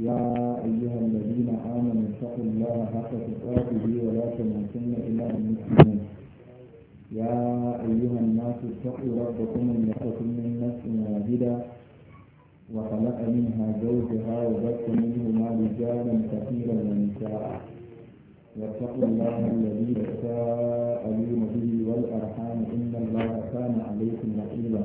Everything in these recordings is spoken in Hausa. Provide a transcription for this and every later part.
يا أيها الذين آمنوا اتقوا الله حق تقاته ولا تموتن إلا المسلمين يا أيها الناس اتقوا ربكم الذي من نفس واحدة وخلق منها زوجها وبث منهما رجالا كثيرا ونساء واتقوا الله الذي تساءلون به والأرحام إن الله كان عليكم رقيبا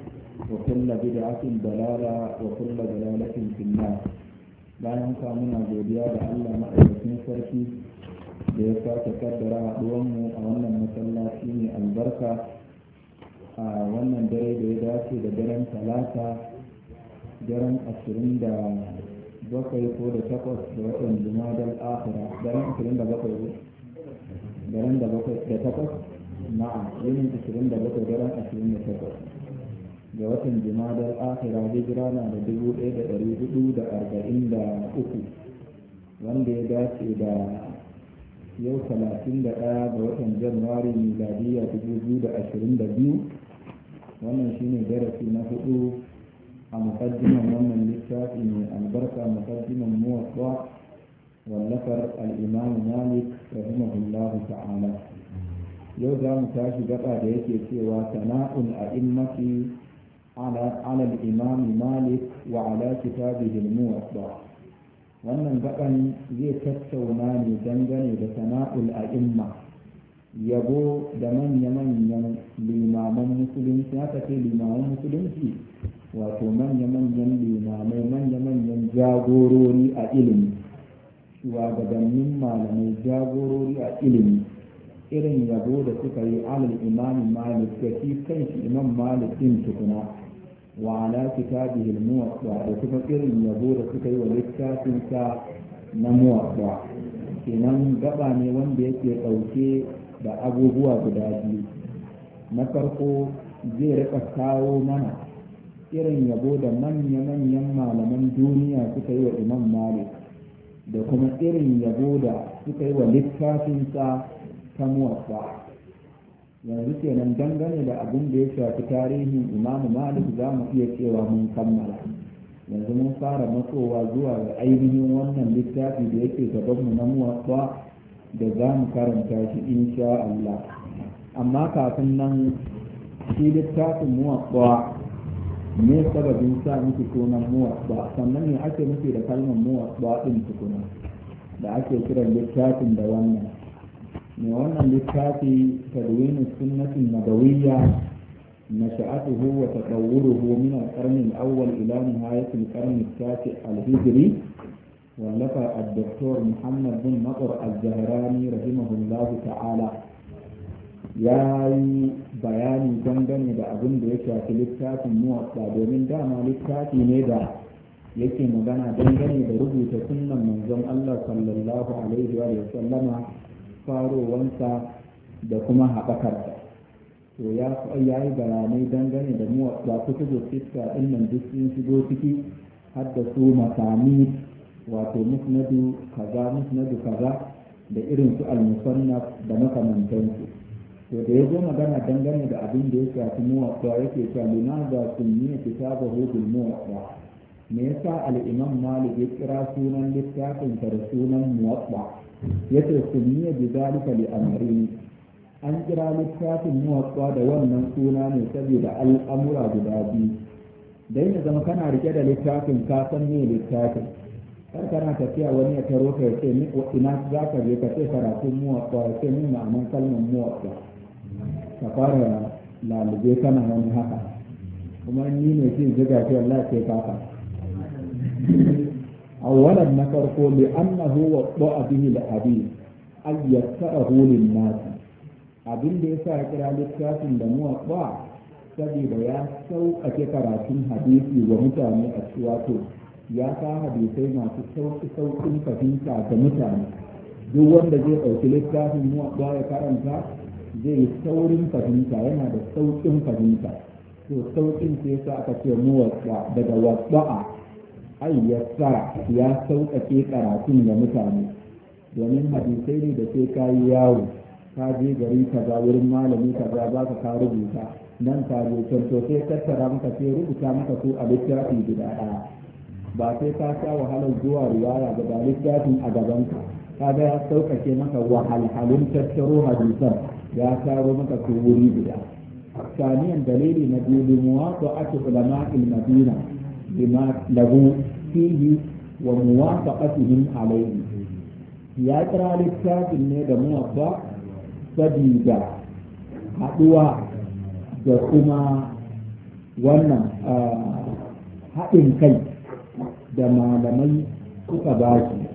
وكل بدعة ضلالة وكل ضلالة في النار bayan ka muna godiya da Allah ma'aikacin sarki da ya sake kaddara haɗuwanmu a wannan masallaci mai albarka a wannan dare da ya dace da daren talata daren ashirin da bakwai ko da takwas da watan jumadal akhira daren ashirin da bakwai ko daren da bakwai da takwas na'am yinin ashirin da bakwai daren ashirin da takwas ga watan jimadar akira hijira na da dubu wanda ya dace da yau talatin ga watan januwari miladiyya dubu da ashirin da biyu wannan shine darasi na hudu a mukaddimin wannan littafi mai albarka mukaddimin muwaswa wallafar al'imamu malik rahimahullahu ta'ala yau za mu tashi gaba da yake cewa sana'un a على على الإمام مالك وعلى كتابه الموطأ wannan gaban zai tattauna ne dangane da sana'ul a'imma yabo da manya-manyan limaman musulunci haka ce limaman musulunci wato manya-manyan limamai manya-manyan jagorori a ilimi shugabannin malamai jagorori a ilimi irin yabo da suka yi alal imamin malik da shi kanshi imam malik din tukuna wa ala kitabihi al-muwatta da kuma irin yabo da suka yi wa littafin sa na muwatta kenan gaba ne wanda yake dauke da abubuwa guda biyu na farko zai rika kawo mana irin yabo da manya-manyan malaman duniya suka yi wa imam malik da kuma irin yabo da suka yi wa littafinsa ta muwatta yanzu kenan dangane da abin da ya shafi tarihin imamu malik za mu iya cewa mun kammala yanzu mun fara matsowa zuwa ga ainihin wannan littafi da yake gabanmu na muwatsa da za mu karanta shi insha Allah amma kafin nan shi littafin muwatsa me sababin sa miki sunan muwatsa sannan ne ake muke da kalmar muwatsa din tukuna da ake kiran littafin da wannan mai wannan littafi tadwin sunnatin nabawiyya نشأته وتطوره من القرن الأول إلى نهاية القرن التاسع الهجري ولف الدكتور محمد بن مطر الزهراني رحمه الله تعالى ya yi bayani dangane da abin da ya shafi littafin muwatta domin dama littafi ne da yake magana dangane da rubuta sunan manzon Allah sallallahu alaihi wa sallama farowansa da kuma haɓakarsa to ya yi bayanai dangane da muwaɗa su fiska ɗin nan duk sun shigo ciki har da su masani wato musnadu kaza musnadu kaza da irin su almusanna da makamantansu to da ya zo magana dangane da abin da ya shafi muwaɗa yake cewa limaza sunniya kitabahu bil muwaɗa me yasa al-imam malik ya kira sunan littafin da sunan muwaɗa yace sumiya bi zalika li amrin an kira littafin muwatsa da wannan suna ne saboda al'amura guda biyu dai ya zama kana rike da littafin ka san ne littafin kar kana tafiya wani ya taro ka yace ni ina za ka je ka ce karatun muwatsa ya ce ni ma'anar kalmar muwatsa ka fara lalube kana wani haka kuma ni ne ke ziga ke Allah ce kaka أولا نفرقه لأنه وضع به الحديث أن يتأه للناس abin da ya sa ya kira littafin da mu muwaɓa saboda ya sauƙaƙe karatun hadisi wa mutane a ciwato ya sa hadisai masu sauƙi sauƙin fahimta ga mutane duk wanda zai ɗauki littafin muwaɓa ya karanta zai yi saurin fahimta yana da sauƙin fahimta to sauƙin sai sa aka ce daga wasa'a ai ya sauƙaƙe karatun da mutane domin hadisai ne da sai ka yi yawo ka je gari kaza wurin malami kaza za ka ka rubuta nan ka je can to sai tattara maka sai rubuta maka su a littafi guda ɗaya ba sai ka sha wahalar zuwa riwaya ga littafin a gaban ka. ga ya sauƙaƙe maka wahalhalun tattaro hadisan ya taro maka su wuri guda ثانيا دليل نبي لمواطعة علماء المدينة بما له فيه وموافقتهم عليه ya kira littafin ne da muwaffa sabida haɗuwa da kuma wannan haɗin kai da malamai kuka ba shi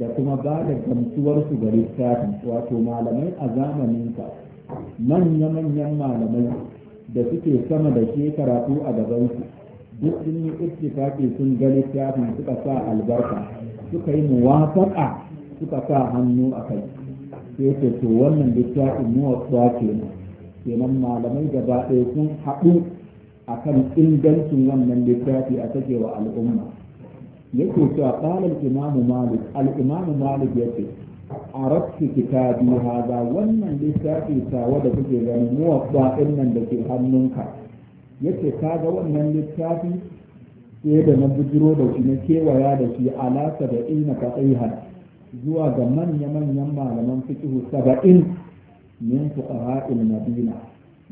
da kuma ba da gamsuwarsu ga littafin wato malamai a zamaninka manya-manyan malamai da suke sama da ke karatu a gabansu duk sun yi ittifaqi sun ga littafin suka sa albarka suka yi muwafaqa suka sa hannu a kai sai ce to wannan littafin ke kenan kenan malamai ba ɗaya sun haɗu akan ingancin wannan littafi a take wa al'umma yake cewa qala imamu malik al-imamu malik yace arabtu kitabi wannan littafi tawa da kuke ganin mu ɗin nan da ke hannunka yace ka ga wannan littafi sai da na bujiro da shi na kewaya da shi saba'in da ina ka zuwa ga manya-manyan malaman fiqh saba'in min fuqaha'il madina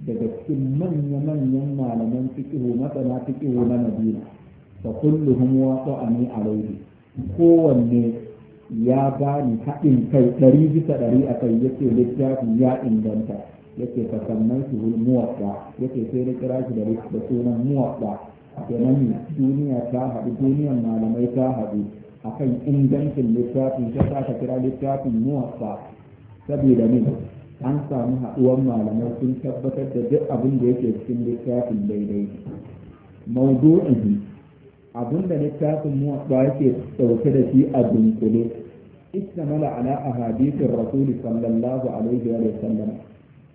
daga cikin manya-manyan malaman fiqh masana fiqh na madina fa kulluhum a alayhi kowanne ya bani haɗin kai ɗari bisa ɗari a kai yake littafi ya inganta yake fa sammaitu hul muwadda yake sai na kira shi da sunan muwadda kenan duniya ta haɗu duniyar malamai ta haɗu akan ingancin littafin ta sa ka kira littafin muwadda saboda ne an samu haɗuwar malamai sun tabbatar da duk abin da yake cikin littafin daidai maudu'in abin da littafin muwadda yake ɗauke da shi a dunkule istamala ala ahadithin rasuli sallallahu alaihi wa sallam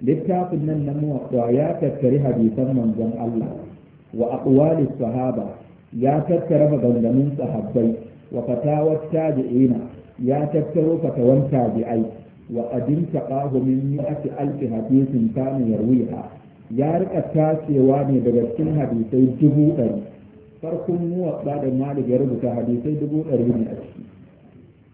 littafin nan na muwatta ya tattari hadisan manzon Allah wa aqwali sahaba ya tattara maganganun sahabbai wa fatawar tabi'ina ya tattaro fatawan tabi'ai wa qadim taqahu min mi'ati alfi hadisin kana yarwiha ya rika tacewa ne daga cikin hadisai dubu ɗari farkon muwatta da malik ya rubuta hadisai dubu ɗari ne a ciki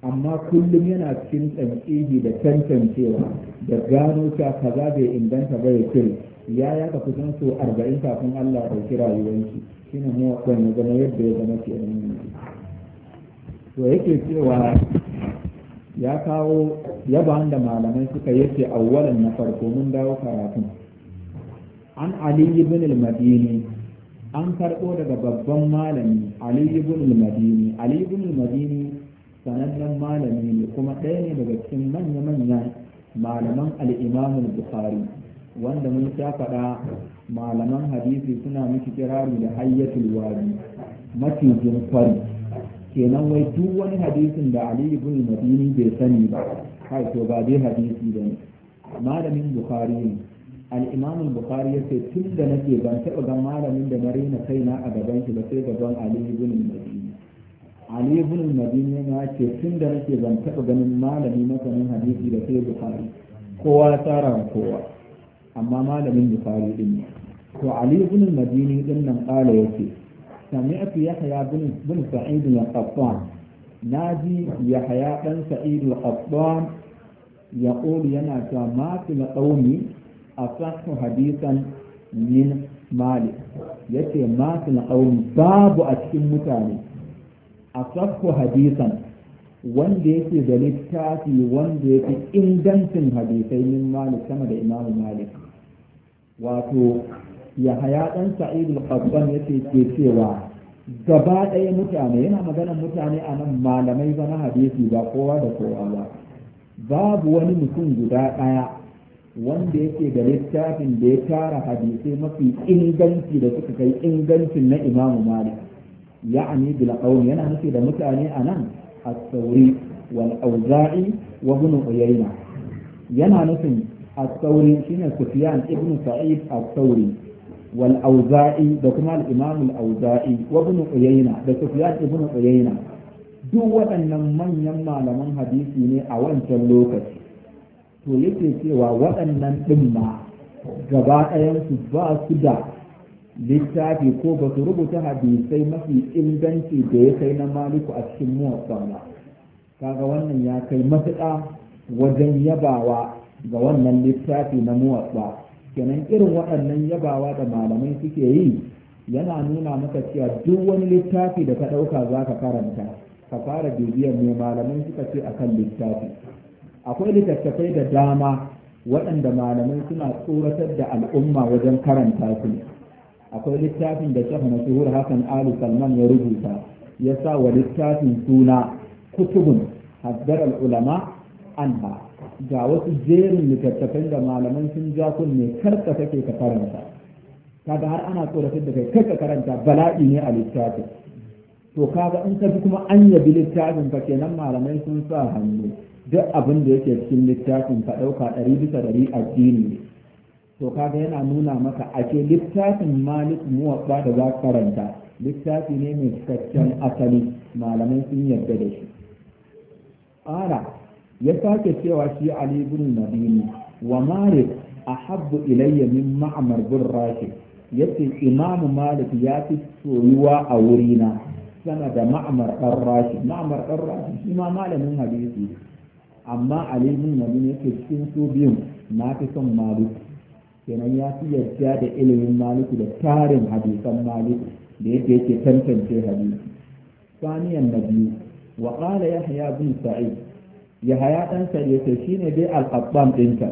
amma kullum yana cikin tsantsihi da tantancewa da gano cewa kaza bai inganta ba ya kiri ya ya ka kusan so arba'in kafin Allah ya kira rayuwanki shine mu wannan ya zama yadda ya zama ke to yake cewa ya kawo ba da malamai suka yake awwalan na farko mun dawo karatu? an ali ibn al-madini an karɓo daga babban malami ali ibn al-madini ali ibn al-madini sanannen malami ne kuma ɗaya ne daga cikin manya-manyan malaman al'imamun bukhari wanda mun sha faɗa malaman hadisi suna miki kirari da hayyatul wadi macijin fari kenan wai duk wani hadisin da ali ibn madini bai sani ba kai to ba dai hadisi ba ne malamin bukhari ne al-imam bukhari yace tun da nake ban taɓa ga malamin da na raina kaina a gaban shi ba sai gaban ali ibn madini ali ibn madini ya ce tun da nake zan taɓa ganin malami masanin hadisi da sai bukhari kowa ya tsara wa kowa amma malamin bukhari din ne to ali ibn madini din nan kala yace sami'tu yahya bin sa'id al-qattan naji yahya dan sa'id al-qattan yaqulu yana mafi ma fil qawmi asahhu hadisan min malik yace ma na babu a cikin mutane asafku hadisan wanda yake da littafi wanda yake ingancin hadisai min malik sama da imamu malik wato yahaya ɗan sa'id al-qattan yake ke cewa gaba ɗaya mutane yana magana mutane a nan malamai ba na hadisi ba kowa da kowa ba babu wani mutum guda ɗaya wanda yake da littafin da ya tara hadisai mafi inganci da suka kai ingancin na imamu malik ya'ani bil qaum yana nufi da mutane anan as-sauri wal auza'i wa ibn yana nufin as-sauri shine sufyan ibn sa'id as-sauri da kuma al auza'i wa da sufyan ibn duk waɗannan manyan malaman hadisi ne a wancan lokaci to yake cewa waɗannan ɗin ma gaba ɗayansu ba su da littafi ko ba su rubuta hadisai mafi inganci da ya kai na maliku a cikin ba kaga wannan ya kai matuƙa wajen yabawa ga wannan littafi na muwaffan kenan irin waɗannan yabawa da malamai suke yi yana nuna maka cewa duk wani littafi da ka ɗauka za ka karanta ka fara bibiyar mai malamai suka ce akan littafi akwai littattafai da dama waɗanda malamai suna tsoratar da al'umma wajen karanta su akwai littafin da shafa mashuhur hakan ali salman ya rubuta ya sa wa littafin suna kutubun haddar ulama anha ga wasu jerin littattafai da malaman sun ja kunne karka kake ka karanta kaga har ana tsoratar da kai karka karanta bala'i ne a littafin to kaga in ka kuma an yabi littafin ka kenan malamai sun sa hannu duk abin da yake cikin littafin ka ɗauka ɗari bisa ɗari addini to kaga yana nuna maka ake littafin malik muwabba da za karanta littafi ne mai cikakken asali malamai sun yarda da shi ƙara ya sake cewa shi ali ibn madini wa malik ahabbu ilayya min ma'mar bin rashid yace imamu malik ya fi soyuwa a wurina sama da ma'mar dan Rashi ma'mar dan shi ma malamin hadisi amma ali ibn madini yake cikin su biyun na fi son malik kenan ya fi yarda da ilimin maliki da tarin hadisan maliki da yadda yake tantance hadisi saniyan na biyu wa qala yahya bin sa'id yahya dan sa'id yace shine dai al-qabbam dinka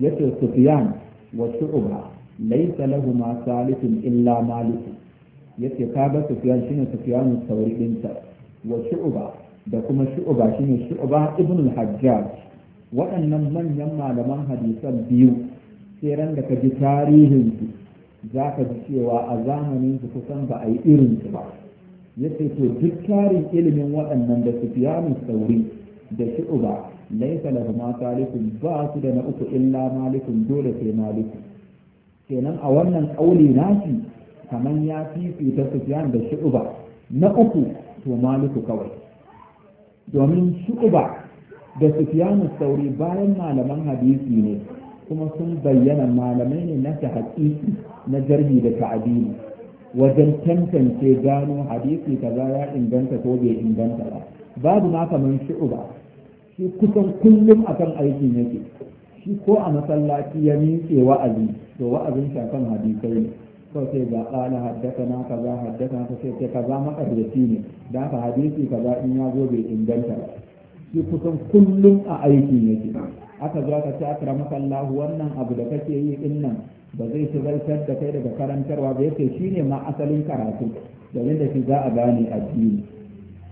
yace sufyan wa shu'ba laysa lahumu salifun illa maliki yace kaga sufyan shine sufyan sauri dinka wa shu'ba da kuma shu'ba shine shu'ba ibn al-hajjaj waɗannan manyan malaman hadisan biyu sai ran da ka ji tarihin su za ka ji cewa a zamanin su kusan ba a yi irin su ba ce to duk tarin ilimin waɗannan da mu Sauri da Shu'ba laisa lahu ma ba su da na uku illa malikun dole sai maliku kenan a wannan kauli nashi kamar ya fifita Sifiyan da uba na uku to maliku kawai domin uba da Sufyanu Sauri bayan malaman hadisi ne kuma sun bayyana malamai ne na haƙiƙi na jarhi da ta'abini wajen tantance gano hadisi kaza ya inganta ko bai inganta ba babu na kaman shu'uba shi kusan kullum akan aikin yake shi ko a masallaci ya miƙe wa'azi to wa'azin shi akan hadisai ne kawai sai ga ƙala haddasa na kaza haddasa na sai sai kaza shi ne da hadisi kaza in ya zo bai inganta ba shi kusan kullum a aikin yake aka zo ka ce akramaka Allah wannan abu da kake yi din nan ba zai shigaltar da kai daga karantarwa ba yake shine ma asalin karatu domin da shi za a gane addini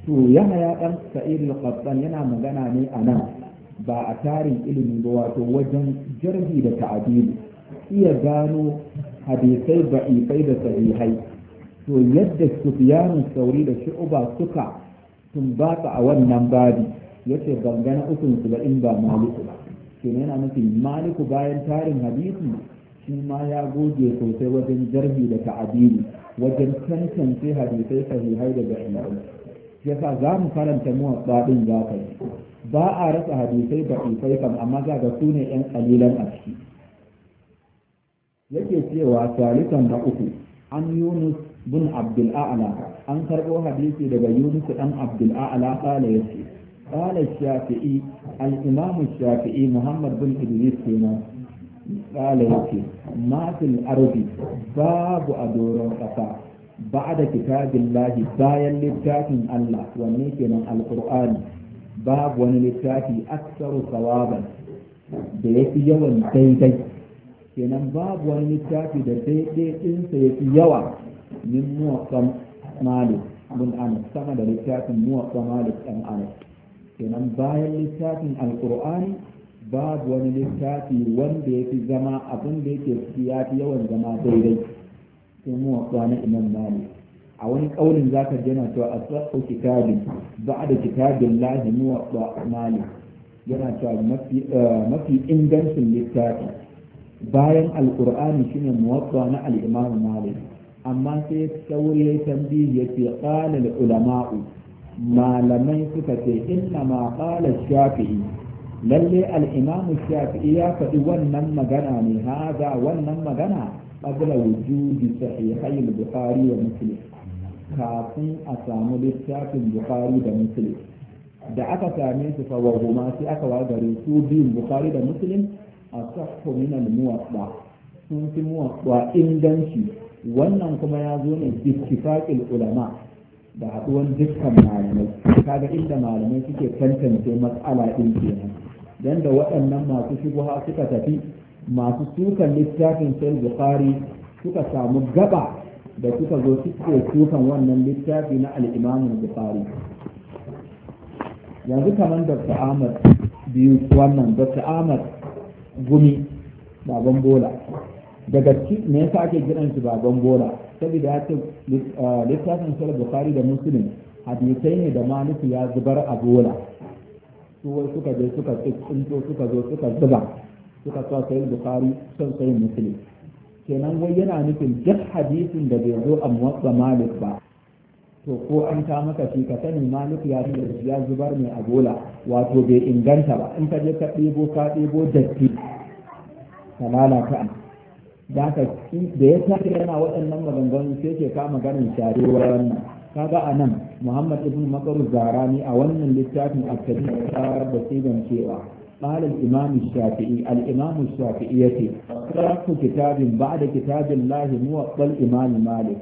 to yahaya dan sa'id al yana magana ne a nan ba a tarin ilimin ba wato wajen jirgi da ta'adili iya gano hadisai ba'ifai da sahihai to yadda yarin sauri da shu'uba suka tumbata a wannan babi yace ban gana ukun su ba in ba maliku ba kenan yana nufin maliku bayan tarin hadisi shi ma ya goge sosai wajen jarhi da ta'adili wajen tantance hadisai sahihai da imamai yasa za mu karanta mu din za ka ba a rasa hadisai da ifai kam amma za ga su ne yan kalilan a ciki yake cewa salisan da uku an yunus bin abdul a'la an karɓo hadisi daga yunus dan abdul a'la ya yace قال الشافعي الإمام الشافعي محمد بن إدريس كينا قال يكي ما في الأرض باب أدور قطع بعد كتاب الله بايا لكتاب الله ونيكنا القرآن باب ونلكتاب أكثر ثوابا da ya fi yawan daidai kenan babu wani littafi da daidai ɗinsa ya fi yawa min muwaƙan malik bin anas sama da littafin muwaƙan malik ɗan anas kenan bayan littafin alkur'ani babu wani littafi wanda ya fi zama abin da yake ciki ya fi yawan zama daidai sai mu wasuwa na imam malik a wani ƙaunin za ka jana cewa a tsakko kitabin ba da kitabin lahi mu wasuwa malik yana cewa mafi eh, ingancin littafi bayan alkur'ani shine muwaffa na al-imam malik amma sai saurayi tambihi ya ce al-ulama'u malamai suka ce inna ma qala shafi'i lalle al-imam shafi'i ya faɗi wannan magana ne haza wannan magana qabla wujudi sahihai bukhari wa muslim kafin a samu littafin bukhari da muslim da aka same su fa wa huma sai aka wagare su biyun bukhari da muslim a sahhu min al-muwatta sun fi muwatta inganci wannan kuma ya zo ne bi ulama da haɗuwan dukkan malamai kaga inda malamai suke tantance matsala ɗin kenan dan waɗannan masu shubuha suka tafi masu sukan littafin sai bukhari suka samu gaba da suka zo suke sukan wannan littafi na al'imamin bukhari yanzu kamar dr ahmad biyu wannan dr ahmad gumi baban bola daga ne yasa ake gidan shi baban bola saboda ya ce littafin shirar bukari da musulun hadisai ne da maliki ya zubar a bola su wai suka je suka tsinto suka zo suka zuba suka sa sai bukari son sai musulun kenan wai yana nufin duk hadisin da bai zo a muwatsa malik ba to ko an ta maka shi ka sani malik ya fi ya zubar ne a bola wato bai inganta ba in ka je ka ɗebo ka ɗebo datti ka lalata da da ya tafi yana waɗannan maganganu sai ke kama ganin share wannan kaga a nan muhammad ibn makaru zarani a wannan littafin a kadin tsarar da sigan cewa قال الإمام الشافعي الإمام الشافعي ترك كتاب بعد كتاب الله موطى الإمام مالك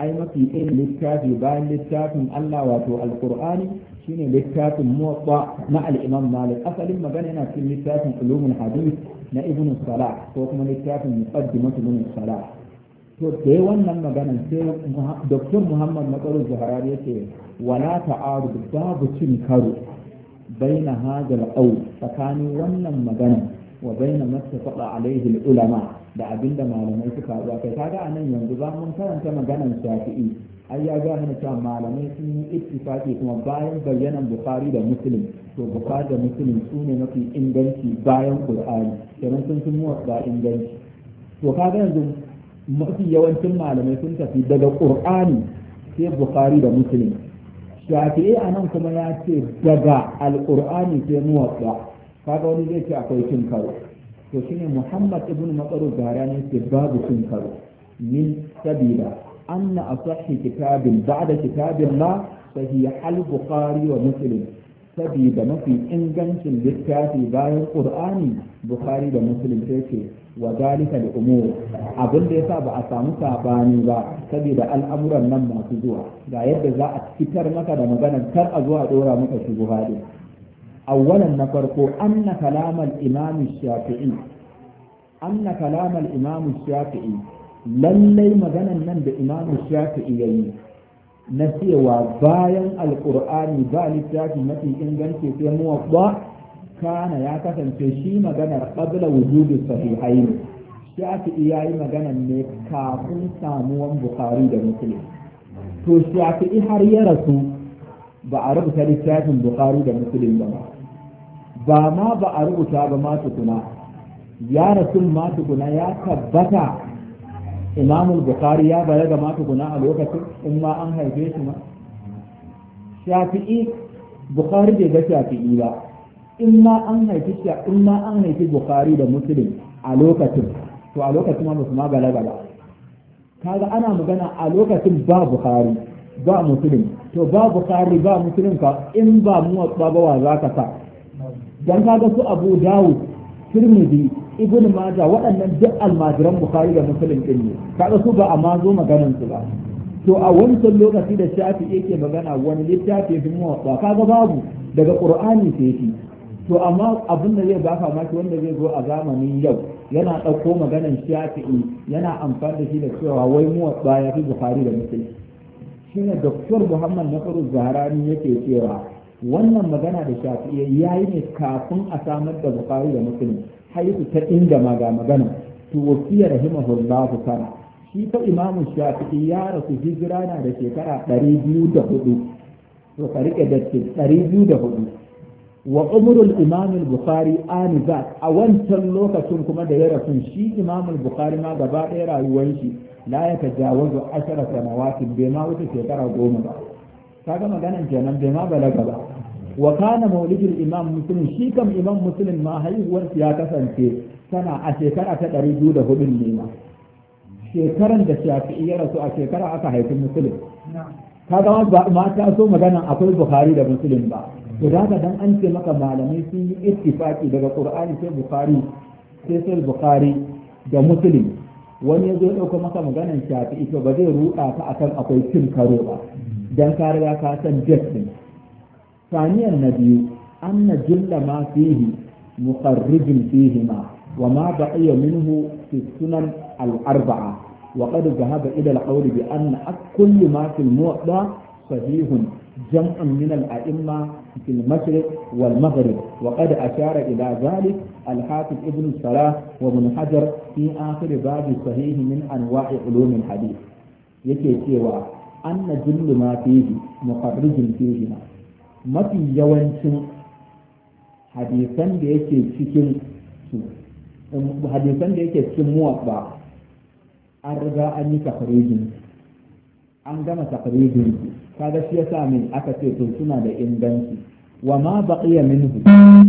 أي ما في إن للكافي littafin للكافي الله وتو القرآن shine littafin muwatta na al-imam malik asalin magana yana cikin littafin ulumul hadith na ibn Sala, ko kuma littafin muqaddimatu ibn Sala. to da wannan magana sai dr muhammad matsaru zuharari yace wala ta'arud babu cin karo baina hadal qawl tsakanin wannan magana wa baina ma tafaqa alaihi ulama da abin da malamai suka zuwa kai kaga a nan yanzu ba mun karanta maganar shafi'i ai ya ga mana cewa malamai sun yi ittifaqi kuma bayan bayyanan bukhari da muslim to bukhari da muslim su ne mafi inganci bayan qur'ani kenan sun sun da inganci to kaga yanzu mafi yawancin malamai sun tafi daga Kur'ani sai bukhari da muslim shafi'i a nan kuma ya ce daga alqur'ani sai muwaffa kaga wani zai ce akwai kin karo to ne muhammad ibn matsaro gara ne ke babu cin karo min sabila anna asahi kitabin da kitabin la sahiha al-bukhari wa muslim sabida mafi ingancin littafi bayan qur'ani bukhari da muslim sai ce wa dalika da umur abin da yasa ba a samu sabani ba saboda al'amuran nan masu zuwa ga yadda za a fitar maka da maganar kar a zuwa dora maka shugaba. din awwalan na farko anna kalamal imam shafi'i shafi'i lallai maganan nan da imamin shafi'i yayi na cewa bayan alkur'ani ba littafi mafi inganci sai muwaffa kana ya kasance shi maganar qabla wujudu sahihain shafi'i yayi maganan ne kafin samuwan bukhari da muslim to shafi'i har ya rasu ba a rubuta littafin bukhari da muslim ba ba ma ba a rubuta ba ma tukuna ya rasul ma tukuna ya tabbata imamul bukhari ya bayar da ma tukuna a lokacin in ma an haife shi ma shafi'i bukhari bai ga shafi'i ba in ma an haifi in ma an haifi bukhari da muslim a lokacin to a lokacin ma musu ma balaga ba kaga ana magana a lokacin ba bukhari ba muslim to ba bukhari ba muslim ka in ba mu ba wa zaka sa dan ga su Abu Dawud Tirmidhi Ibn Majah waɗannan duk almajiran Bukhari da Muslim din ne kaga su ba a zo maganar su ba to a wancan lokaci da shafi yake magana wani littafi fi ka kaga babu daga Qur'ani sai shi to amma abin da zai ba ka maki wanda zai zo a zamanin yau yana ɗauko maganar shafi'i yana amfani da shi da cewa wai muwatta ya fi Bukhari da Muslim shine Dr. Muhammad Nasiru Zahrani yake cewa wannan magana da shafi'iyya yi ne kafin a samar da bukari da musulmi. haihu ta inda ma ga magana to wasiya rahimahullahu kana shi fa imamu shafi'i ya rasu hijira na da shekara ɗari biyu da hudu to ka riƙe da ɗari biyu da hudu wa umrul imamu bukari aniza a wancan lokacin kuma da ya rasu shi imamu bukari ma gaba ɗaya rayuwar shi la ya tajawazu ashara sanawatin bai ma wuce shekara goma ba Ka kaga maganan kenan bai ma balaga ba wa kana maulidul imam muslim shi kam imam muslim ma haihuwar ya kasance tana a shekara ta ɗari biyu da hudun ne ma shekaran da shafi'i ya rasu a shekara aka haifi muslim kaga ma ta so magana akwai bukhari da muslim ba to da haka dan an ce maka malamai sun yi ittifaki daga qur'ani sai bukhari sai sai bukhari da muslim wani ya zo ya ɗauka maka maganan shafi'i to ba zai ruɗa ka akan akwai cin karo ba dan ka riga ka san ثانيا النبي أن جل ما فيه مخرج فيهما وما بقي منه في السنن الأربعة وقد ذهب إلى القول بأن كل ما في الموضع صحيح جمع من الأئمة في المشرق والمغرب وقد أشار إلى ذلك الحافظ ابن الصلاة وابن حجر في آخر باب صحيح من أنواع علوم الحديث يكي سوى أن جل ما فيه مخرج فيهما mafi yawancin hadisan da yake cikin su um, hadisan da yake cikin muwabba an riga an yi tafarijin an gama takarijin kaga shi yasa min aka ce to suna da inganci wa ma baqiya minhu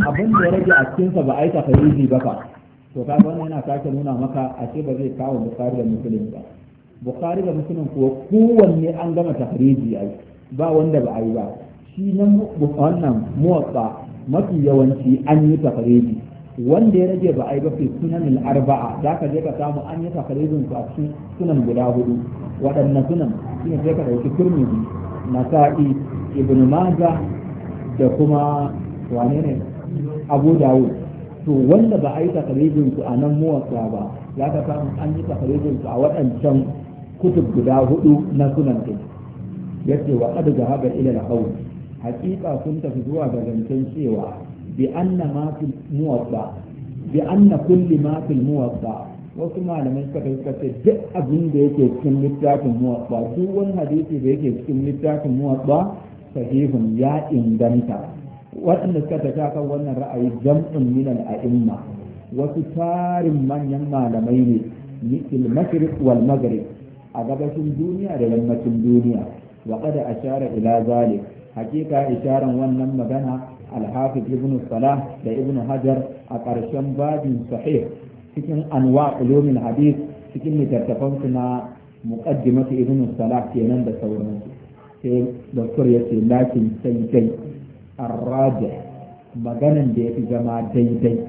abin da ya rage a cikin sa ba ai takariji ba fa to kaga wannan yana sake nuna maka a ce ba zai kawo bukhari da muslim ba bukhari da muslim kuwa kowanne an gama takariji ai ba wanda ba ai ba shi na wannan motsa mafi yawanci an yi tafaredi wanda ya rage ba a yi ba fi sunan arba'a za ka je ka samu an yi tafaredin su a cikin sunan guda hudu waɗanne sunan shine sai ka ɗauki turmidi nasa'i ibn maza da kuma wane ne abu dawud to wanda ba a yi tafaredin su a nan muwasa ba za ka samu an yi tafaredin su a waɗancan kutub guda hudu na sunan ɗin yace wa qad zahaba ila al-qawl hakika sun tafi zuwa ga zancen cewa bi anna ma fil muwatta bi anna kulli ma fil muwatta wasu malamai suka suka ce duk abin da yake cikin littafin muwatta duk wani hadisi da yake cikin littafin muwatta sahihun ya inganta waɗanda suka tafi kan wannan ra'ayi jam'un min al-a'imma wasu tarin manyan malamai ne a gabashin duniya da الدنيا duniya الدنيا وقد ashara إلى ذلك hakika isharan wannan magana alhafiz ibn salah da ibn hajar a ƙarshen babin sahih cikin anwa ulumin hadith cikin littattafan su na muqaddimatu ibn salah kenan da su, sai doktor ya ce lakin sai dai arraja maganan da yafi zama daidai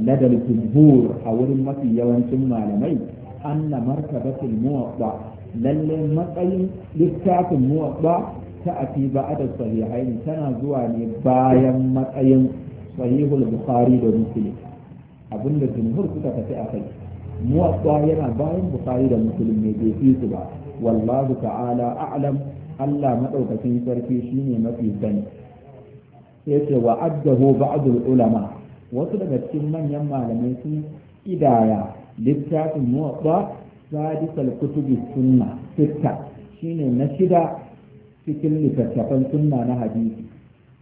ladal jumhur a wurin mafi yawancin malamai anna martabatul muwatta lalle matsayin littafin muwatta ta'ati ba'da sahihaini tana zuwa ne bayan matsayin sahihul bukhari da muslim abinda jumhur suka tafi a kai muwatta yana bayan bukhari da muslim ne bai fi su ba wallahu ta'ala a'lam Allah madaukakin sarki shine mafi sani yace wa addahu ba'dul ulama wasu daga cikin manyan malamai sun idaya littafin muwatta sadisal kutubi sunna sitta shine na shida cikin littattafan sunna na hadisi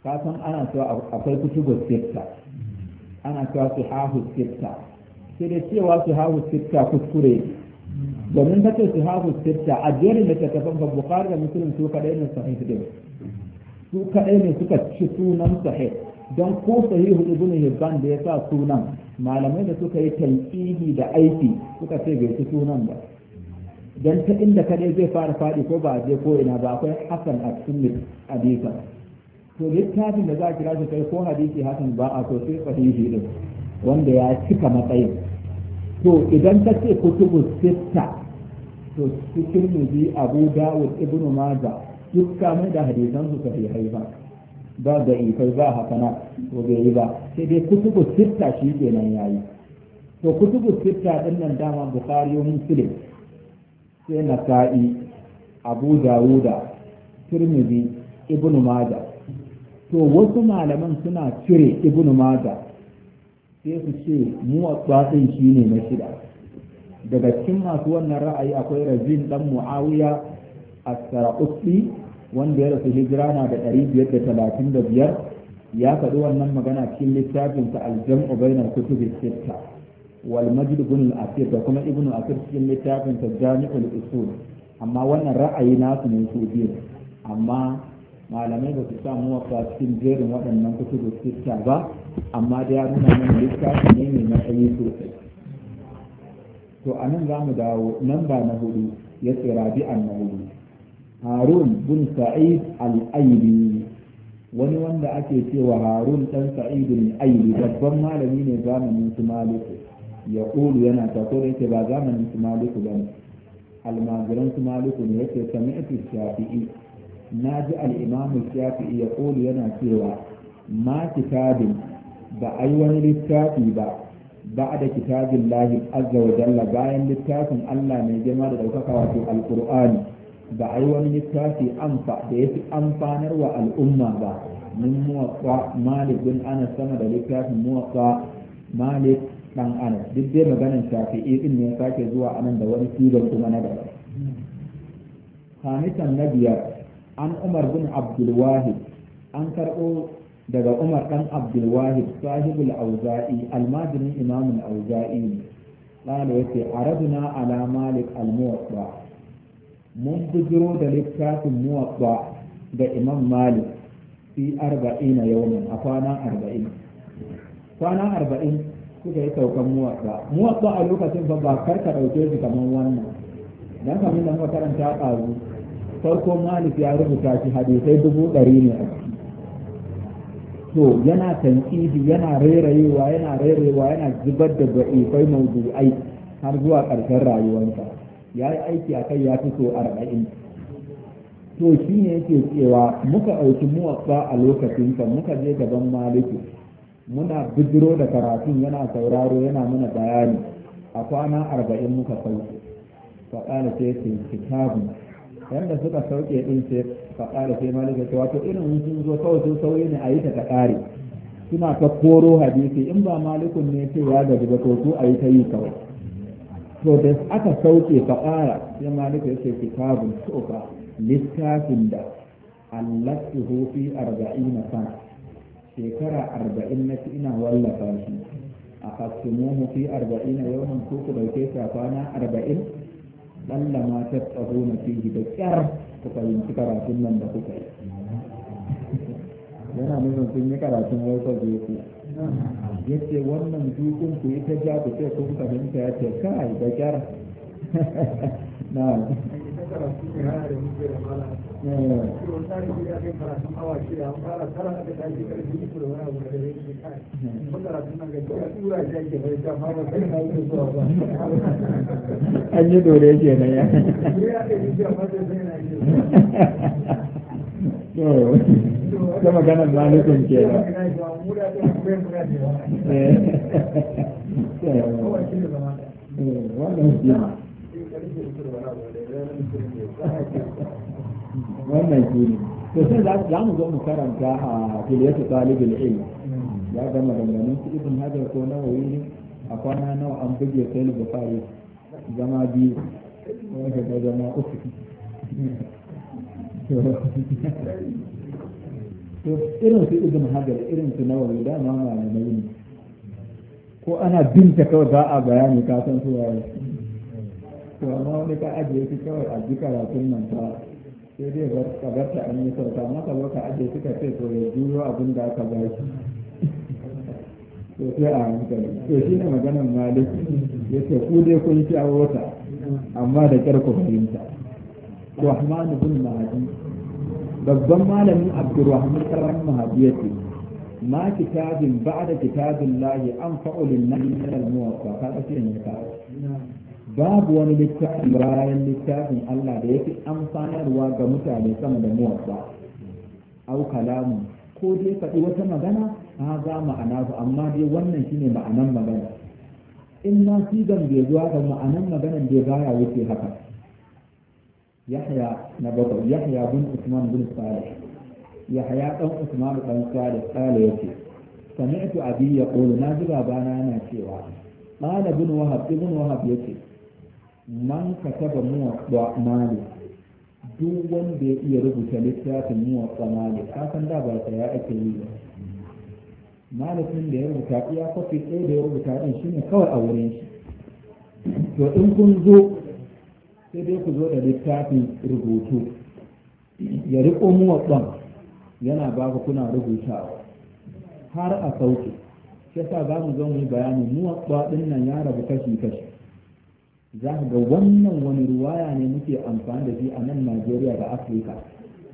ka san ana so akwai kutubu sitta ana so su hahu sitta sai da cewa su hahu sitta kuskure domin ta ce su hahu sitta a jerin littattafan ba bukari da musulun su kaɗai ne sahih din su kaɗai ne suka ci sunan sahih don ko sahihu ibn hibban da ya sa sunan malamai da suka yi tanqihi da aiki suka ce bai ci sunan ba dan ta inda kadai zai fara faɗi ko ba je ko ina ba akwai hasan a cikin hadisa to littafin da za a kira kai ko hadisi hasan ba a so sai sahihi din wanda ya cika matsayin to idan ta ce kutubu sitta to cikin muji abu dawud ibnu maza duk kamar da hadisan su sahihai ba ba da kai ba hasana to bai yi ba sai dai kutubu sitta shi kenan yayi to kutubu sitta din nan dama bukhari muslim sai nasa'i abu dawuda turmizi ibnu mada to wasu malaman suna cire ibnu mada sai su ce mu a ne na shida daga cikin masu wannan ra'ayi akwai razin dan muawiya as-sarqutsi wanda ya rasu hijira na da 535 ya faɗi wannan magana cikin littafin ta al-jam'u kutubi sittah wal majid ibn al-asir da kuma Ibnu al-asir cikin littafin sa jami'ul usul amma wannan ra'ayi nasu ne su amma malamai ba su samu wasa cikin jerin waɗannan kutubu sita ba amma da ya nuna mana littafi ne mai matsayi sosai to a nan za mu dawo nan ba na hudu ya ce rabi'an na hudu harun bin sa'id al-aili wani wanda ake cewa harun dan Sa'idu al-aili babban malami ne zamanin su maliku ya ƙulu yana ta ko da yake ba zamanin su maliku ba ne almajiran su maliku ne yake sami'atu shafi'i na ji al'imamu shafi'i ya ƙulu yana cewa ma kitabin ba a yi wani littafi ba ba da kitabin lahi azza wa jalla bayan littafin allah mai girma da ɗaukaka wato alƙur'ani ba a yi wani littafi amfa da ya fi amfanar wa al'umma ba min muwaƙa malik bin ana sama da littafin muwaƙa malik dan ana duk dai maganar shafi'i din ne sake zuwa anan da wani sigar kuma na daban khamisan na biyar an umar bin abdul an karɓo daga umar dan abdul wahid sahibul auza'i almajirin imamul auza'i ne قال يتي ala Malik al الموطأ mun bujiro da littafin muwatsa ga imam malik fi arba'ina yawmin a kwana arba'in kwana arba'in suka yi saukan muwatsa muwatsa a lokacin ba kar ka ɗauke shi kamar wannan dan kamar da muka karanta ƙaru farko malik ya rubuta shi hadisai dubu ɗari ne a ciki to yana tanƙidi yana rairayewa yana rairayewa yana zubar da da'ifai maudu'ai har zuwa ƙarshen rayuwarsa ya yi aiki a kai ya fi so arba'in to shi ne yake cewa muka ɗauki muwatsa a lokacinsa muka je gaban maliki muna bijiro da karatun yana sauraro yana mana bayani a kwana arba'in muka sauke faɗaɗa sai ce kitabu yadda suka sauke ɗin sai faɗaɗa sai malika ce wato irin sun zo kawai sun sauye ne a yi ta ta ƙare suna ta koro hadisi in ba malikun ne ce ya gaji ba to su a yi ta yi kawai to da aka sauke faƙara sai malika ya ce kitabu to fa littafin da allatu fi Arba'in sana shekara arba'in na shi ina wallafa shi a fasimomu fi arba'in a yawan ko ku dauke shi a kwana arba'in lalla ma ta tsaro na fihi da ƙyar ku fahimci karatun nan da kuka yi yana nufin sun yi karatun wasa zai ku ya ce wannan dukun ku yi ta ja ku ce kun fahimta ya ce kai da ƙyar karatu ne hana mala ya fara tara aka tashi hmm. ya ke eh. eh, Wannan shi ne. wannan shi ne to sai za mu zo mu karanta a filiyatu talibul ilmi ya ga maganganun su ibn hajar ko na nawawi ne a kwana nawa an buge sai bukhari zama biyu ko ka ga zama uku to irin su ibn hajar irin su na nawawi dama ma ne ko ana binta kawai za a bayani ka san su waye to amma wani ka ajiye shi kawai a ji karatun nan ta sai dai ka garta an yi sauta maka zo ka ajiye su ka ce to ya juyo abin da aka ba shi to sai a hankali to shi ne maganar malik ya ce ku dai kun ci wata amma da kyar ku fahimta rahman bin mahadi babban malamin abdurrahman karan mahadi ya ce ma kitabin ba'da kitabin lahi an fa'ulin nan min al-muwaffa ka ce ne ka babu wani littafin bayan littafin Allah da ya fi amfanarwa ga mutane sama da muwaffa au kalamu ko dai faɗi wata magana ha za ma'ana su amma dai wannan shine ma'anan magana in na sigan bai zuwa ga ma'anan maganan bai baya wuce haka yahya na bakwai yahya bin usman bin salih yahya dan usman dan salih salih yace sami'tu abi yaqulu na ji babana yana cewa qala bin wahab ibn wahab yace man muwa muwatta malik duk wanda ya iya rubuta littafin muwatta malik ka san da ba ya ake yi ba malamin da ya rubuta iya kwafi ɗaya da ya rubuta din shine kawai a wurin shi to in kun zo sai dai ku zo da littafin rubutu ya riƙo muwatta yana ba ku kuna rubutawa har a sauke shi yasa za mu zo mu yi bayani ɗin nan ya rabu kashi kashi za ka ga wannan wani ruwaya ne muke amfani da shi a nan najeriya da afirka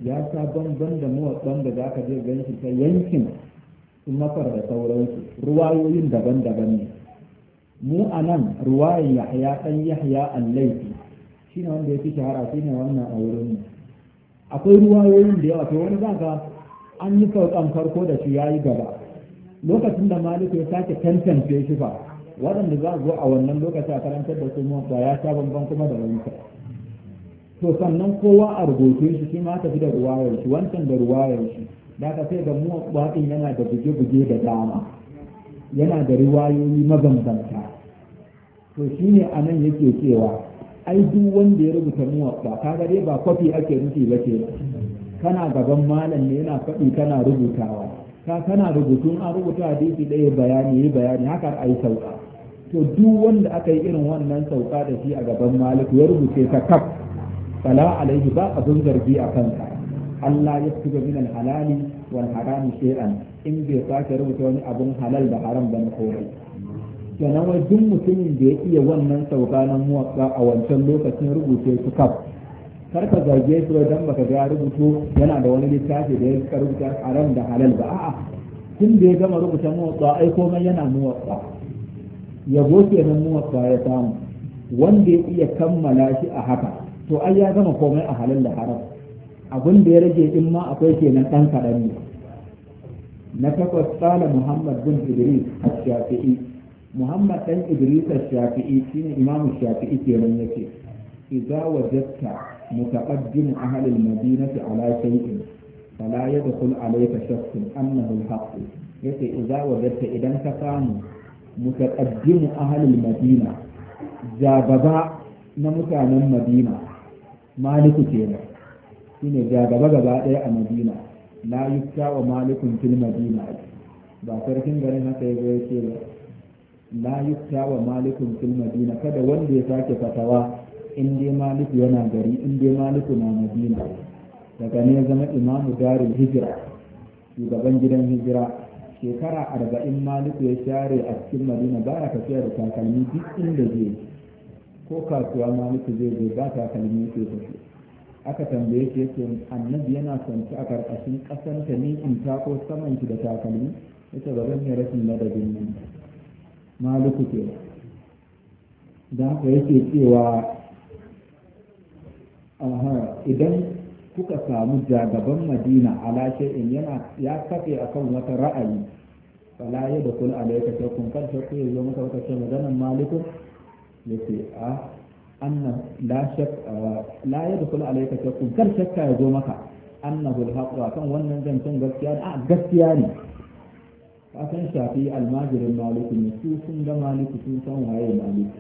ya sa banban da mawaɗan da za ka je gan ta yankin su mafar da sauransu ruwayoyin daban-daban ne mu a nan ruwayan yahya ɗan yahya allaifi shi ne wanda ya fi shahara shi ne wannan a wurin mu. akwai ruwayoyin da yawa to wani za ka an yi sauƙan farko da shi ya yi gaba lokacin da maliku ya sake tantance shi fa waɗanda za zo a wannan lokaci a karantar da su ba ya sha bambam kuma da wanka to sannan kowa a rubuce shi shi ma tafi da ruwayar shi wancan da ruwayar shi da ka sai ga muwaɗin yana da buge-buge da dama yana da riwayoyi mabambanta to shi ne a nan yake cewa ai duk wanda ya rubuta ka ga dai ba kwafi ake nufi ba ce kana gaban malam ne yana faɗi kana rubutawa ka kana rubutun an rubuta hadisi ɗaya bayani yi bayani haka ai sauka to duk wanda aka yi irin wannan sauka da shi a gaban maliku ya rubuce ka kaf fala alaihi ba abin zargi a kanka Allah ya fito min halali wal harami shay'an in bai sake rubuta wani abun halal da haram ban komai kenan wai duk mutumin da ya iya wannan sauka na muwaffa a wancan lokacin rubuce su kaf kar ka zage su dan baka ga rubuto yana da wani littafi da ya rubuta haram da halal ba a'a tun da ya gama rubuta muwaffa ai komai yana muwaffa yabo kenan muwatta ya samu wanda ya iya kammala shi a haka to ai ya gama komai a halal da haram abin da ya rage in ma akwai kenan dan kaɗan ne na takwas tsala muhammad bin idris shafi'i muhammad dan idris shafi'i shine imamu shafi'i kenan yake idza wajadta mutaqaddim ahli al-madinati ala shay'in fala yadkhul alayka shakkun annahu al-haqq yace idza idan ka samu mutaqaddimu ahlul madina jagaba na mutanen madina maliku kenan shine jagaba gaba ɗaya a madina la yukta wa malikun fil madina ba sarkin garin haka ya ya ce ba la yukta wa malikun fil madina kada wanda ya sake fatawa in dai maliku yana gari in dai maliku na madina daga ne zama imamu darul hijira shugaban gidan hijira shekara arba'in maliku ya share a cikin madina ba ya tafiya da takalmi duk inda zai ko kasuwa maliku zai zo ba takalmi ke tafi aka tambaye shi yake annabi yana kwanci a karkashin ta, ne in tako saman ki da takalmi yace ba zan yi rashin ladabin nan maliku ke da haka yake cewa idan suka samu jagaban madina ala shay'in yana ya kafe akan wata ra'ayi fala ya da kula alayka sai kun kan shakku ya zo maka wata maganan maliku yace a annan la shak la ya da kula alayka sai kun kan shakka ya zo maka annahu alhaq kan wannan zancen gaskiya a gaskiya ne ka san shafi almajirin maliku ne su sun ga maliku sun san waye maliku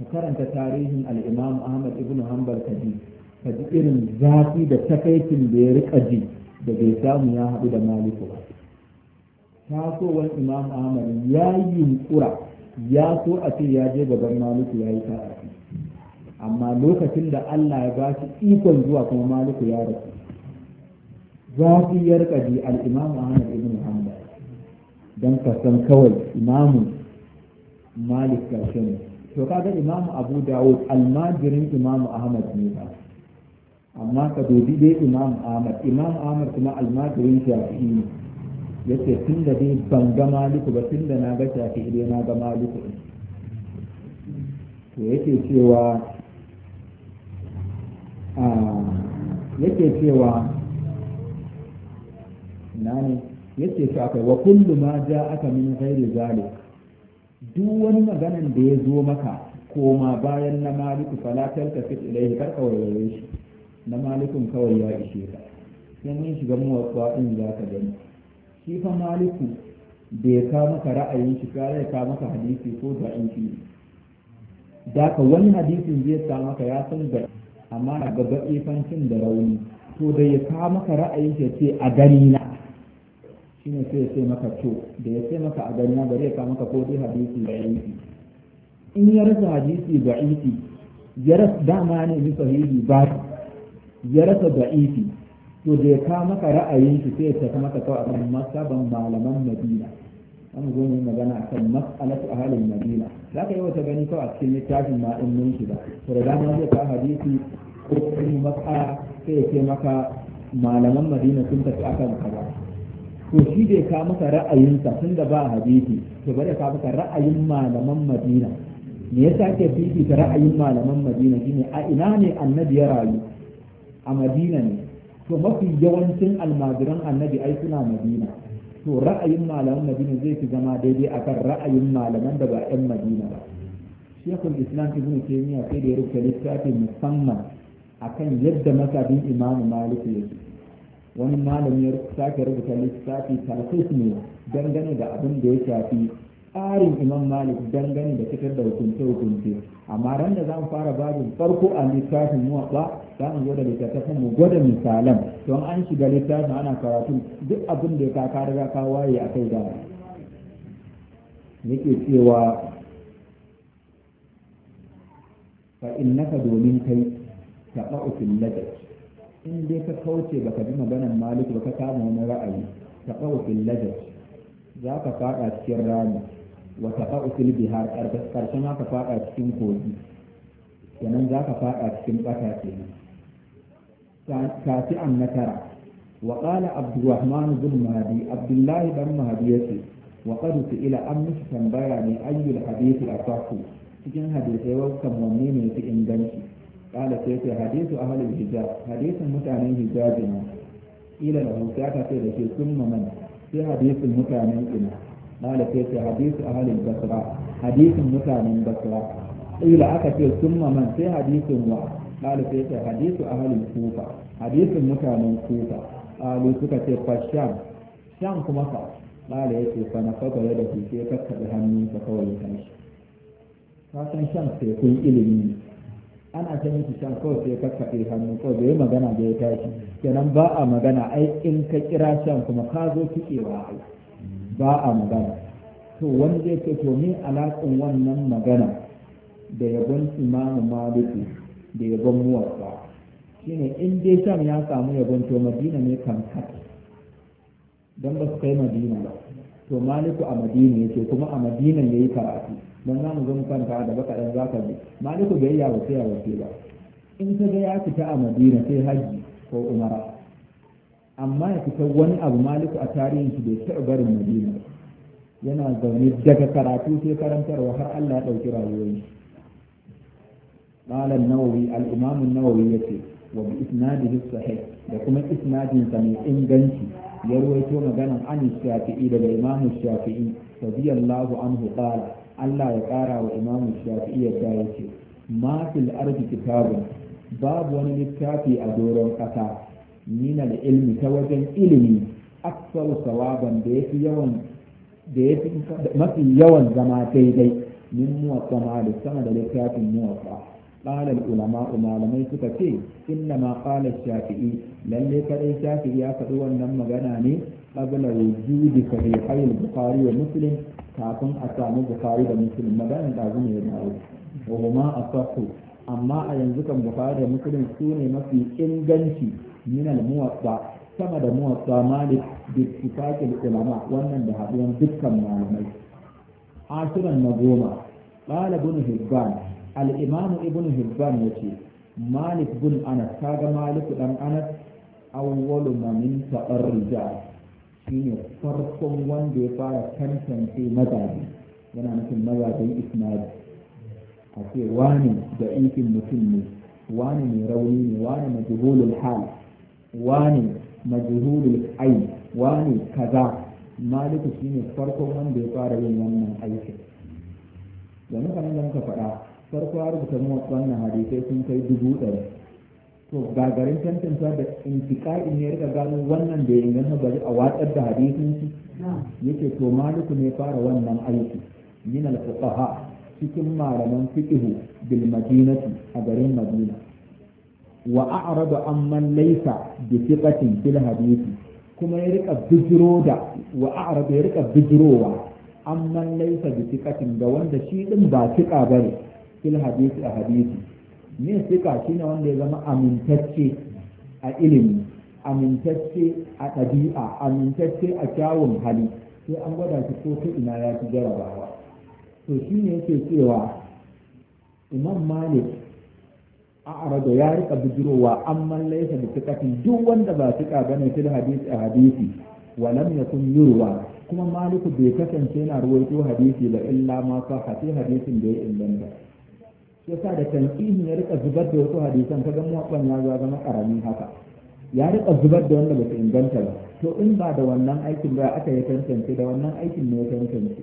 ka karanta tarihin al-imam ahmad ibn hanbal kadi ka ji irin zafi da takaicin da ya rika ji da bai samu ya haɗu da maliku ba tasowar imam ahmad ya yi kura ya so a ce ya je gaban maliku ya yi ta'a amma lokacin da allah ya ba shi ikon zuwa kuma maliku ya rasu zafi ya rika ji al'imam ahmad ibn hanbal don ka san kawai imamu malik karshe ne to kaga imamu abu dawud almajirin imamu ahmad ne ba amma ka dubi dai imam ahmad imam ahmad kuma almajirin shafi'i ne ce tun da dai ban ga maliku ba tun da na ga shafi'i dai na ga maliku to yake cewa a yake cewa na ne yake cewa kai wa kullu ma ja aka min ghairi zalik duk wani maganan da ya zo maka koma bayan na maliku fala talka fit ilayhi karka wayoyin shi na malikun kawai ya ishe ka sai mun shiga muwatsa ɗin za ka gani shi fa maliku ya ka maka ra'ayin shi ka ya ka maka hadisi ko da in shi da ka wani hadisin zai sa maka ya san da amma na gaba ifancin da rauni to da ya ka maka ra'ayin shi ce a gani na shine sai ya ce maka to da ya ce maka a gani na bari ya ka maka ko dai hadisi da yanki in ya rasa hadisi da yanki ya rasa dama ne bisa sahihi ba ya rasa da'ifi to da ya ka maka ra'ayin shi sai ya tafi maka kawai akan masaban malaman madina an zo mu magana akan mas'alatu ahalin madina za ka yi wata gani kawai a cikin littafin ma in mun shiga to da dama zai ka hadisi ko kuma mas'ala sai ya ce maka malaman madina sun tafi akan kaza to shi da ya ka maka ra'ayinsa tun da ba hadisi to bari ka maka ra'ayin malaman madina me yasa ke fifita ra'ayin malaman madina shine a ina ne annabi ya rayu a madina ne to mafi yawancin almajiran annabi ai suna madina to ra'ayin malaman madina zai fi zama daidai akan ra'ayin malaman da ba 'yan madina ba shekul islam ibn taymiya sai da ya rubuta littafi musamman akan yadda masabin imamu malik ce wani malami ya sake rubuta littafi tarhis ne dangane da abin da ya shafi tsarin imam malik dangane da fitar da hukunce hukunce amma ran da zamu fara babin farko a littafin muwaɓa za mu gwada littattafan mu gwada misalan don an shiga littafin ana karatu duk abin da ka ka riga ka waye a kai da nake cewa fa innaka domin kai taɓa ufin ladar, in dai ka kauce baka ji maliki malik baka kama wani ra'ayi taɓa ufin ladar, za ka faɗa cikin rami وتفاؤل بها كرشما تفاؤل في كودي كمن يعني ذاك فاؤل في مكاتبه كاتي أن نترى وقال عبد الرحمن بن مهدي عبد الله بن مهدي وقد سئل أمس كم بياني أي الحديث أصح سجن حديثه وكم من في إنجلش قال سيد حديث أهل الهجاز حديث متعني هجازنا إلى الهجاز تلك ثم من في حديث المتعني إنه قال كيف حديث أهل البصرة حديث متى من بصرة قيل أكثر ثم من في حديث واحد قال كيف حديث أهل الكوفة حديث متى من كوفة قالوا سكة فالشام شام كما قال قال يكي فنفض يده في كتب همي فقوي كمش فكان شام سيكون إلمي ana ta miki shan kawai sai kakkaɓe hannu kawai bai magana da ya tashi kenan ba a magana ai in ka kira shan ba a magana to wani zai ce to me alaƙin wannan magana da yabon imamu maliki da yabon muwatsa ne in dai sham ya samu yabon to madina ne kan don ba su kai madina ba to maliku a madina ce kuma a madina ya yi karatu don za mu zama kanta da baka za ka bi maliku bai yawon sai yawo ba in ta ga ya fita a madina sai hajji ko umara amma ya fita wani abu maliku a tarihinsu bai taɓa barin madina yana zaune daga karatu sai karantarwa har allah ya ɗauki rayuwar ƙalan nawawi al'imamun nawawi ya ce wa bi isnadi da kuma isnadin sa mai inganci ya ruwaito magana an shafi'i daga imamu shafi'i radiyallahu anhu qala allah ya ƙara wa imamu shafi'i ya ga ya ce ma fil arzi kitabun babu wani littafi a doron ƙasa Nina da ilmi ta wajen ilimi aksaru sawaban da ya fi yawan da ya fi mafi yawan zama daidai min ma da sama da littafin muwatta قال ulama malamai suka ce inna ma qala shafi'i lalle kadai shafi'i ya faɗi wannan magana ne qabla wujudi sahihai al-bukhari wa muslim kafin a samu bukari da muslim magana da zuwa ya dawo wa ma asahu amma a yanzu kan bukari da muslim su ne mafi inganci min al-muwatta sama da muwatta malik bi ittifaqil ulama wannan da haduwan dukkan malamai ashiran na goma qala ibn hibban al-imam ibn hibban ce, malik bin anas kaga malik dan anas awwalu man ta'arrija shine farkon wanda ya fara tantance mazaje yana nufin mazajen isnad a ce wani da mutum ne wani mai rauni ne wani majhulul hal wani majhulul ai wani kaza maliki shine farko wanda ya fara yin wannan aiki. yanzu kamar da muka faɗa farko ya rubuta wannan hadisai sun kai dubu ɗari to gagarin tantanta da intiƙa'in ne rika gano wannan da inganta bari a watsar da hadisin shi yake to maliku ne fara wannan aiki min al-fuqaha cikin malaman fiqh bil madinati a garin madina wa a'rada amman laysa bi thiqatin fil hadith kuma ya rika bijiro da wa a'rada ya rika bijirowa amman laysa bi thiqatin da wanda shi din ba thiqa bane fil hadith a hadith me thiqa shine wanda ya zama amintacce a ilimi amintacce a ɗabi'a amintacce a kyawun hali sai an gwada shi ko ta ina ya fi jarabawa to shi ne yake cewa imam malik a'ara da ya rika bijirowa amma da suka fi duk wanda ba su kaga bane da hadisi a hadisi wa lam yakun yurwa kuma maliku bai kasance yana ruwaito hadisi da illa ma sa hafi hadisin da ya inganta. Ya sa da tanƙihin ya rika zubar da wasu hadisan ga mu ya zama ƙaramin haka ya rika zubar da wanda ba su inganta ba to in ba da wannan aikin ba aka yi tantance da wannan aikin ne ya tantance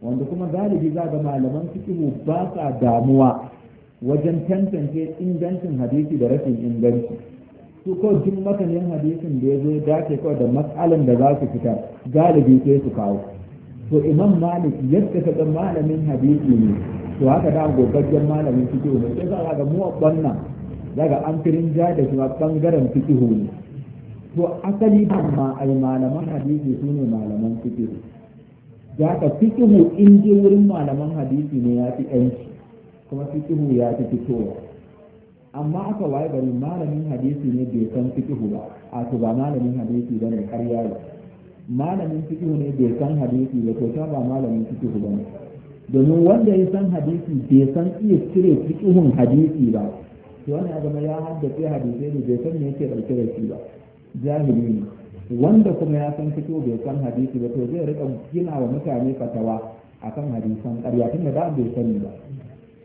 wanda kuma galibi za ga malaman fiqhu ba sa damuwa wajen tantance ingancin hadisi da rashin inganci su ko duk masanin hadisin da ya zo dace kawai da matsalan da za su fita galibi sai su kawo to imam malik yadda ka malamin hadisi ne to haka da gogaggen malamin fikihu ne sai za ga mu wannan daga an firin ja da kuma bangaren fikihu ne to asali ban ma ai malaman hadisi su ne malaman fikihu da ka fikihu in je wurin malaman hadisi ne ya fi yanci kuma fikihu ya fi fitowa amma aka waye bari malamin hadisi ne bai san fikihu ba a to ba malamin hadisi ba ne har yayi malamin fikihu ne bai san hadisi ba to ta ba malamin fikihu ba ne domin wanda ya san hadisi bai san iya cire fikihun hadisi ba to wani ya ya haddace hadisi ne bai san me yake ɗauke da shi ba jahili ne wanda kuma ya san fito bai san hadisi ba to zai rika gina wa mutane fatawa akan hadisan ƙarya tun da bai sani ba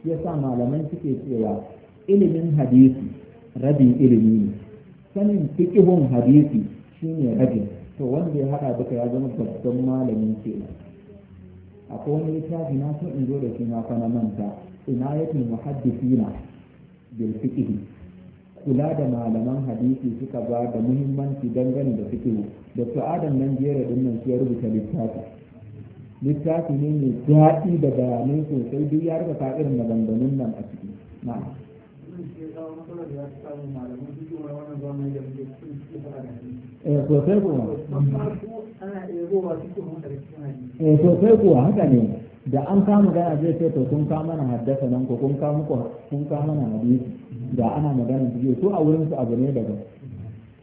shi yasa malaman suke cewa ilimin hadisi rabin ilimi ne sanin fiqhun hadisi ne rabin to wanda ya haɗa duka ya zama babban malamin kenan akwai wani littafi na so in zo da shi na kwana manta ina inayatul na bil fiqh kula da malaman hadisi suka ba da muhimmanci dangane da fiƙihu. da su adam nan jere ɗin nan ya rubuta littafi littafi ne mai daɗi da bayanai sosai duk ya rika ta irin maganganun nan a ciki na'am eh, eh, sosai kuwa haka ne da an kama gana zai ce to kun kama na haddasa nan ko kun kama kun kama na hadisi da ana magana su to a wurin su abu ne daga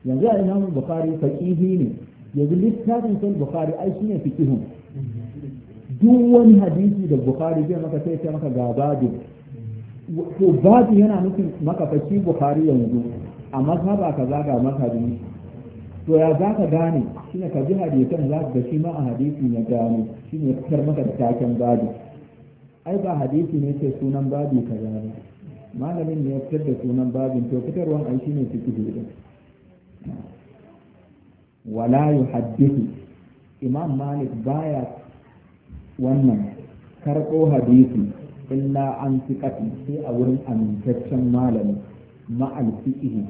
yanzu a imamu bukari faqihi ne yanzu littafin sai bukari ai ne fiqihun duk wani hadisi da bukhari zai maka sai maka ga babu to babu yana nufin maka fashi shi bukhari yanzu a mazhaba ka maka mazhabi to ya za ka gane shine ka ji hadisan za ka shi ma a hadisi ya gane. shine ya fitar maka da taken babu ai ba hadisi ne ce sunan babu ka gane. malamin ne ya fitar da sunan babin to fitarwan ai shine fikihu din wala yuhaddithu imam malik baya wannan karɓo hadisi illa an fi sai a wurin amintaccen malami ma'al fiƙihi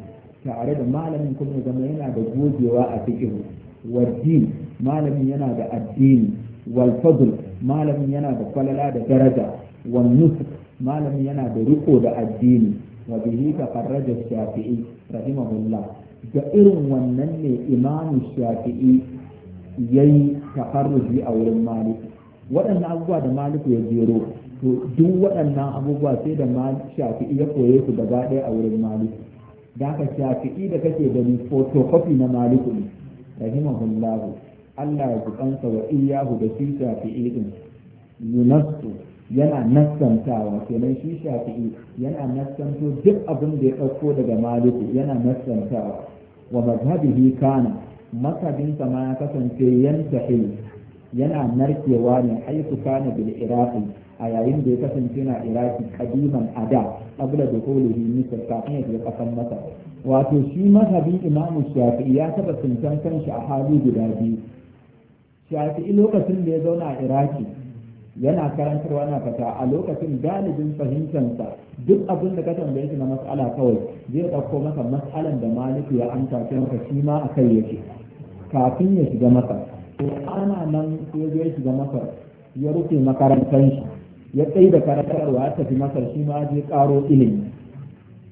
tare da malamin kuma zama yana da gogewa a fiƙihu waddin malamin yana da addini wal malamin yana da falala da daraja wal malamin yana da riko da addini wa bihi tafarraja shafi'i rahimahullah da irin wannan ne imamu shafi'i yayi tafarruji a wurin maliki waɗannan abubuwa da maliku ya jero to duk waɗannan abubuwa sai da shafi'i ya koye su gaba ɗaya a wurin maliku da haka shafi'i da kake gani photocopy na maliku ne rahimahullahu Allah ya kansa wa iyahu da shi shafi'i din yunastu yana nassantawa kenan shi shafi'i yana nassanto duk abin da ya ɗauko daga maliku yana nassantawa wa mazhabihi kana masabinsa ma ya kasance yantahil yana narkewa ne haifu kana bil iraqi a yayin da ya kasance na iraki kadiman ada abla da kolihi ta kafin ya kasan masa wato shi mazhabin imamu shafi ya taba tsintan kanshi a hali guda biyu shafi lokacin da ya zauna a iraki yana karantarwa na fata a lokacin galibin fahimtansa duk abin da ka tambaye shi na matsala kawai zai ɗauko maka mas'alan da maliki ya amsa sai maka shi ma a kai yake kafin ya shiga masa to ana nan ya ya shiga masar ya rufe makarantar shi ya tsaye da karantarwa ya tafi masar shi ma je karo ilimi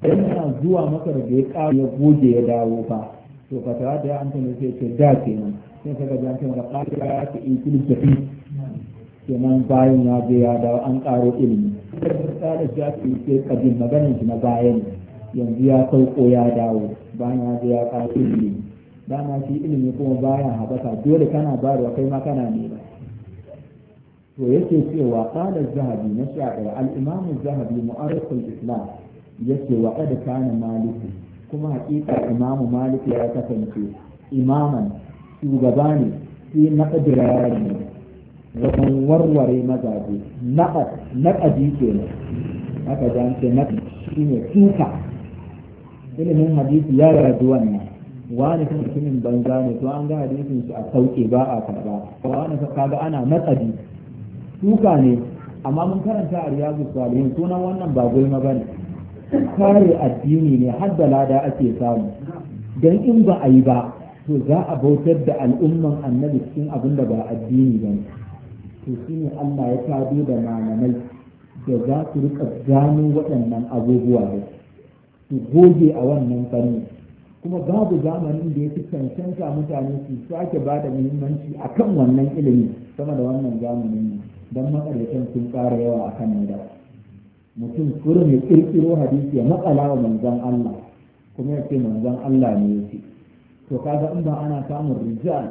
yana zuwa masar da ya karo ya goge ya dawo ba to fatawa da an tana sai ce da kenan sai ka gaji an da ƙarfi ya ce in kili tafi kenan bayan ya je ya dawo an karo ilimi sai tsara shi ya ce sai kabin maganin shi na bayan yanzu ya sauko ya dawo bayan ya je ya karo ilimi dama shi ilimi kuma baya haɓaka dole kana bayarwa kai ma kana nema to yake cewa qala zahabi na shafi al-imam zahabi mu'arrikhul islam yake wa qad kana maliki kuma haƙiƙa imam maliki ya kasance imaman shugaba ne fi naqdir rayani wajen warware mazaje naqad naqadi kenan haka da an ce naqad shine tuka ilimin hadisi ya yarda wannan wani kuma mutumin banza ne to an ga hadisin shi a sauke ba a karba wani ka kaga ana matsadi suka ne amma mun karanta a riyazu salihin sunan wannan ba gulma ba ne. kare addini ne har da lada ake samu Don in ba a yi ba to za a bautar da al'umman annabi cikin abin da ba addini ba ne to ne Allah ya tabi da malamai da za su rika gano waɗannan abubuwa su goge a wannan fanni kuma babu zamanin da ya fi cancanta mutane su sake ba da muhimmanci a kan wannan ilimi sama da wannan zamanin don makarantar sun ƙara yawa a kan da mutum kurum ya ƙirƙiro hadisi ya matsala wa manzon Allah kuma ya ce manzon Allah ne ya ce to kaga in ba ana samun rijal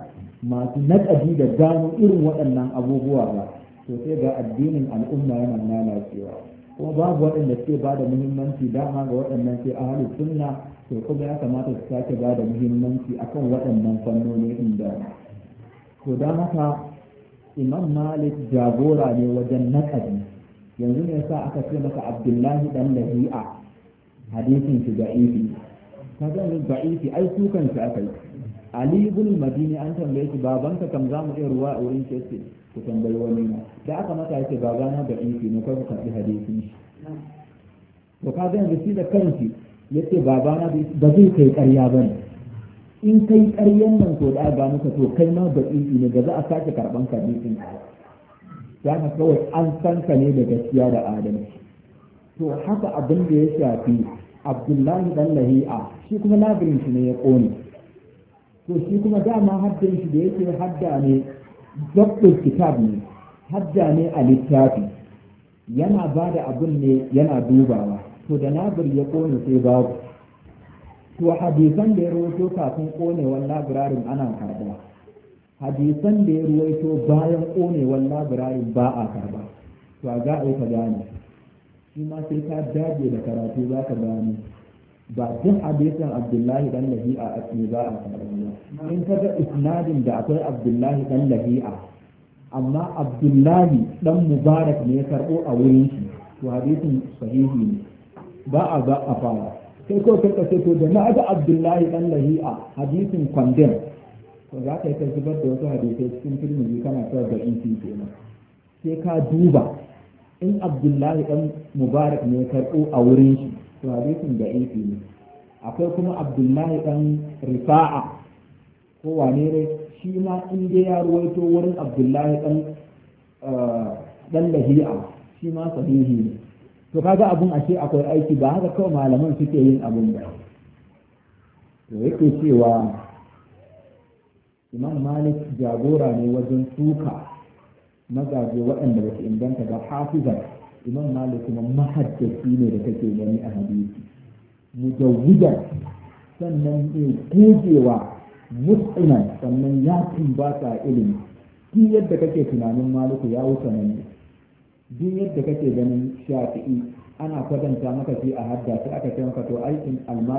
masu naƙadi da gano irin waɗannan abubuwa ba to sai ga addinin al'umma yana lalacewa kuma babu waɗanda suke ba da muhimmanci dama ga waɗannan sai ahli sunna to kuma ya kamata su sake ba da muhimmanci akan waɗannan fannoni inda to don haka imam malik jagora ne wajen naƙari, yanzu ne sa aka ce maka abdullahi dan lahi'a hadisin shi da'ifi ka ga ibi ai sukan shi aka yi ali ibn madini an tambaye shi babanka kam za mu iya ruwa a wurin shi ku tambayi wani na da aka mata yake babana da ifi ne kai ku karbi hadisin shi to ka yanzu shi da kanki yace babana ba zai kai ƙarya ba ne in kai ƙaryan nan to da ga muka to kai ma ba ifi ne da za a sake karban hadisin ka ya ka kawai an san ka ne da gaskiya da adalci to haka abin da ya shafi abdullahi dan lahi'a shi kuma labirin shi ne ya ƙone to shi kuma dama haddin shi da yake hadda ne zaɓin kitab ne hajja ne a littafi yana ba da abin ne yana dubawa to da nabir ya ƙone sai babu to hadisan da ya rawaito kafin ƙonewar labirarin ana karɓa hadisan da ya rawaito bayan ƙonewar labirarin ba a karɓa to a ga ka gane shi ma sai ka daje da karatu za ka gane ba duk hadisin abdullahi dan lahi'a a ciki za a in ka ga isnadin da akwai abdullahi dan lahi'a amma abdullahi dan mubarak ne ya karbo a wurin shi to hadisin sahihi ne ba a ba a fara sai ko kai kace to da na ga abdullahi dan lahi'a hadisin kwandem to za ka yi ta zubar da wasu hadisai cikin filmi kana tsawar da sun kenan sai ka duba in abdullahi dan mubarak ne ya karɓo a wurin shi to hadisin da ne akwai kuma abdullahi dan rifa'a ko wane ne shi ma in dai ya ruwaito wurin abdullahi dan dan eh, lahi'a shi ma sahihi ne to kaga abun ashe akwai aiki ba haka kawai malaman suke yin abun ba to yake cewa imam malik jagora ne wajen suka mazaje waɗanda ba su inganta ba hafizar imam malik kuma mahaddaci ne da kake gani a hadisi mujawwidan sannan mai gogewa mutsinan sannan ya tumbata ilimi duk yadda kake tunanin maliku ya wuce nan ne duk yadda kake ganin shafi'i ana kwatanta maka shi a hadda sai aka ce maka to aikin almajiri